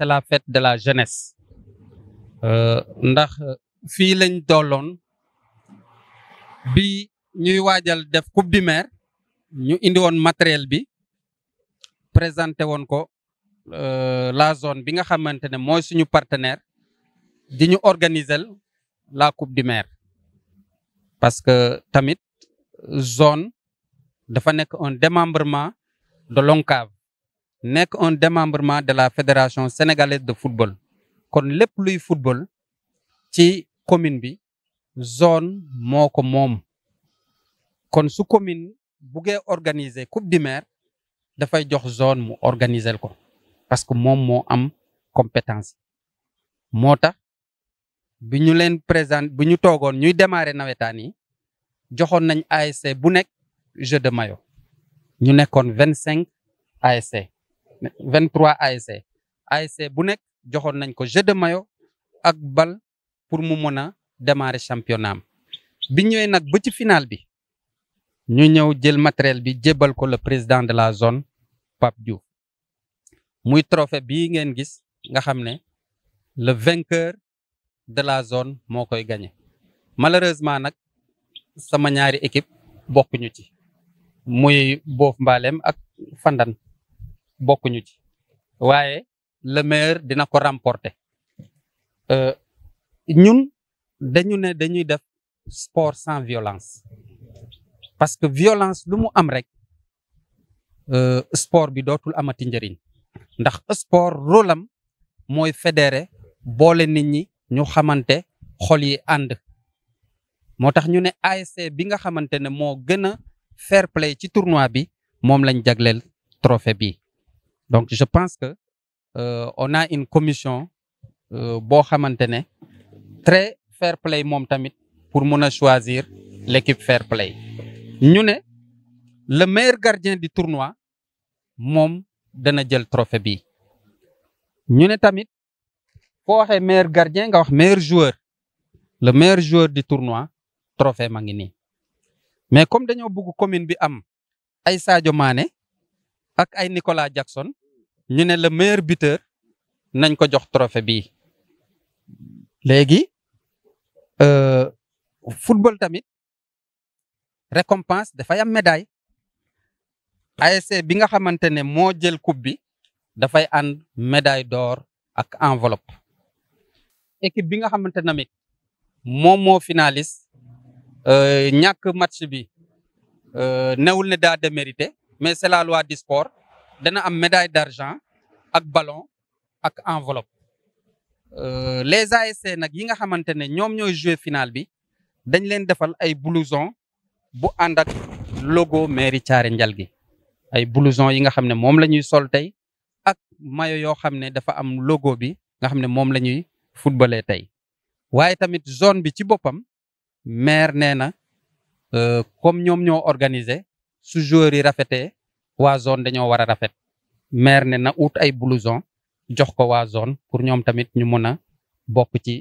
c'est la fête de la jeunesse euh, ndax fii lañ tolloon bi ñuy waajal def coupe du maire ñu indi woon matériel bi présenté woon ko euh, la zone bi nga xamante ne mooy suñu partenaire di ñu organiser la coupe du maire parce que tamit zone dafa nekk un démembrement de l'ONCAV nekk un démembrement de la fédération sénégalaise de football kon lépp luy football ci commune bi zone moo ko moom kon su commune buggee organiser coupe du maire dafay jox zone mu organiser ko parce que moom moo am compétence moo tax bi ñu leen présent bi ñu toogoon ñuy démarrer nawetaan yi joxoon nañ ASC bu nekk jeu de mayo ñu nekkoon vingt cinq ASC 23 ASC ASC bu nekk joxoon nañ ko jeu de maillot ak bal pour mu mën a démarrer championnat am bi ñëwee nag ba ci final bi ñu ñëw jël matériel bi jébbal ko le président de la zone Pape Diouf muy trophée bii ngeen gis nga xam ne le vainqueur de la zone moo koy gagné malheureusement nag sama ñaari équipe bokkuñu ci muy Boof Mbalem ak Fandan bokkuñu ci waaye le maire dina ko remporter euh, ñun dañu ne dañuy def sport sans violence parce que violence lu mu am rek euh, sport bi dootul amati njëriñ ndax sport rôle am mooy fédérer boole nit ñi ñu xamante xol yi ànd moo tax ñu ne ASC bi nga xamante ne moo gën a fair play ci tournoi bi moom lañ jagleel trophée bi donc je pense que euh, on une commission euh, boo xamante ne très fair play moom tamit pour mun a choisir l' équipe fair play ñu ne le maire gardien di tournoi moom dana jël trophée bi ñu ne tamit foo waxee maire gardien nga wax maire joueur le maire joueur di tournoi trophée ma ngi nii mais comme dañoo bëgg commune bi am ay Sadio Mané ak ay Nicolas Jackson ñu ne la meilleur buteur nañ ko jox trophée bii léegi euh, football tamit récompense dafay am médaille ASC bi nga xamante ne moo jël coupe bi dafay ànd médaille door ak enveloppe équipe bi nga xamante namit moom moo finaliste euh, ñàkk match bi euh, newul ne daal de démérité mais c'est la loi du dana am médaille d'argent ak ballon ak enveloppe euh, les ASC nag yi nga xamante ne ñoom ñooy jouer finale bi dañ leen defal ay blouson bu ànd ak logo mairie Thiaré Ndialgui ay blouson yi nga xam ne moom la ñuy sol tey ak mayo yoo xam ne dafa am logo bi nga xam ne moom la ñuy footballer tey waaye tamit zone bi ci boppam maire nee na euh, comme ñoom ñoo organiser su joueur yi rafetee waa zone dañoo war a rafet maire ne na ut ay blouson jox ko waa zone pour ñoom tamit ñu mën a bokk ci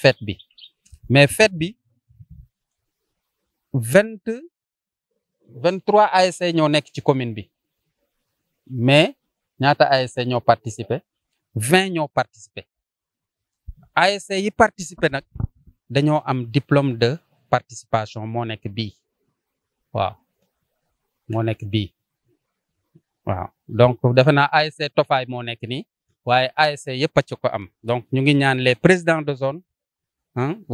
fête bi mais fête bi vingt vingt trois ASC ñoo nekk ci commune bi mais ñaata ASC ñoo participer vingt ñoo participer ASC yi participer nag dañoo am diplôme de participation moo nekk bii waaw moo nekk bii waaw donc defe naa ASC Tofaay moo nekk nii waaye ASC yëpp a ci ko am donc ñu ngi ñaan les président de zone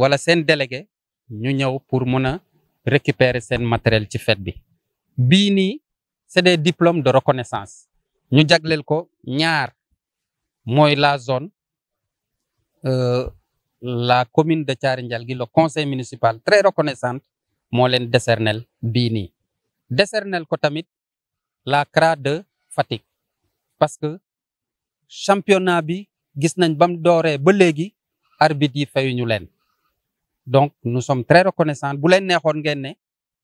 wala seen délégué ñu ñëw pour mun a récupérer seen matériel ci fête bi bii nii c'est des diplômes de reconnaissance ñu jagleel ko ñaar mooy la zone euh, la commune de Thiaré Ndialgui le conseil municipal très reconnaissante moo leen décernel bii nii ko tamit la CRA de Fatick parce que championnat bi gis nañ bam dooree ba léegi arbitre yi fayuñu leen donc nu sommes très reconnaissants bu leen neexoon ngeen ne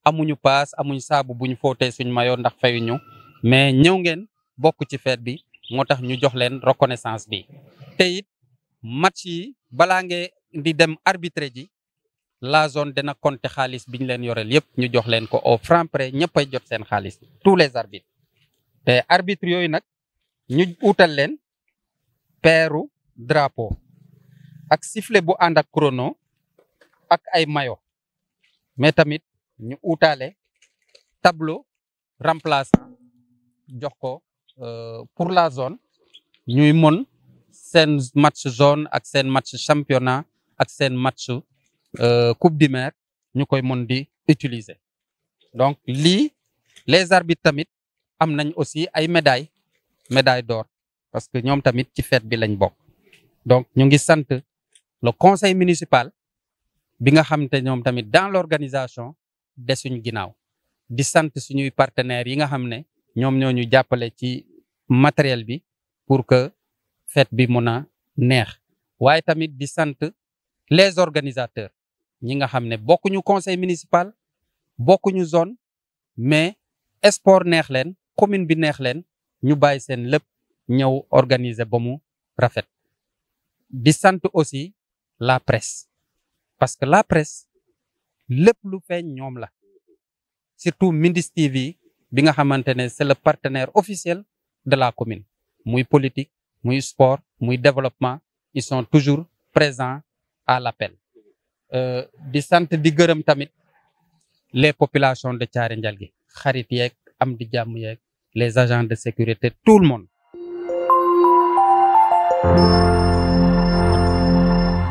amuñu paas amuñu saabu bu ñu footee suñu maillot ndax fayuñu mais ñëw ngeen bokk ci feet bi moo tax ñu jox leen reconnaissance bi te it match yi balaa nge di dem arbitre ji la zone dina compter xaalis bi ñu leen yoreel yëpp ñu jox leen ko au franc près ñëpp ay jot seen xaalis tous les arbitres te arbitres yooyu nag ñu utal leen peeru drapeau ak sifle bu ànd ak chrono ak ay mayo mais tamit ñu utale tableau remplaçant jox ko euh, pour la zone ñuy mën seen match zone ak seen match championnat ak seen match Euh, coupe du maire ñu koy mën di utiliser donc lii les arbitres tamit am nañ aussi ay médailles médaille d'or parce que ñoom tamit ci fête bi lañ bokk donc ñu ngi sant le conseil municipal bi nga xam te ñoom tamit dans l'organisation desuñ ginnaaw di sant suñuy partenaires yi nga xam ne ñoom ñoo ñu jàppale ci matériel bi pour que fête bi mun a neex waaye tamit di sant les organisateurs ñi nga xam ne bokkuñu conseil municipal bokkuñu zone mais sport neex leen commune bi neex leen ñu bàyyi seen lépp ñëw organiser ba mu rafet. di sant aussi la presse parce que la presse lépp lu feeñ ñoom la surtout Mindis TV bi nga xamante ne c'est le partenaire officiel de la commune muy politique muy sport muy développement ils sont toujours présents à l'appel Euh, di sant di gërëm tamit les populations de Thiaré Ndialgui xarit yeeg am di jàmm yeeg les agents de sécurité tout le monde.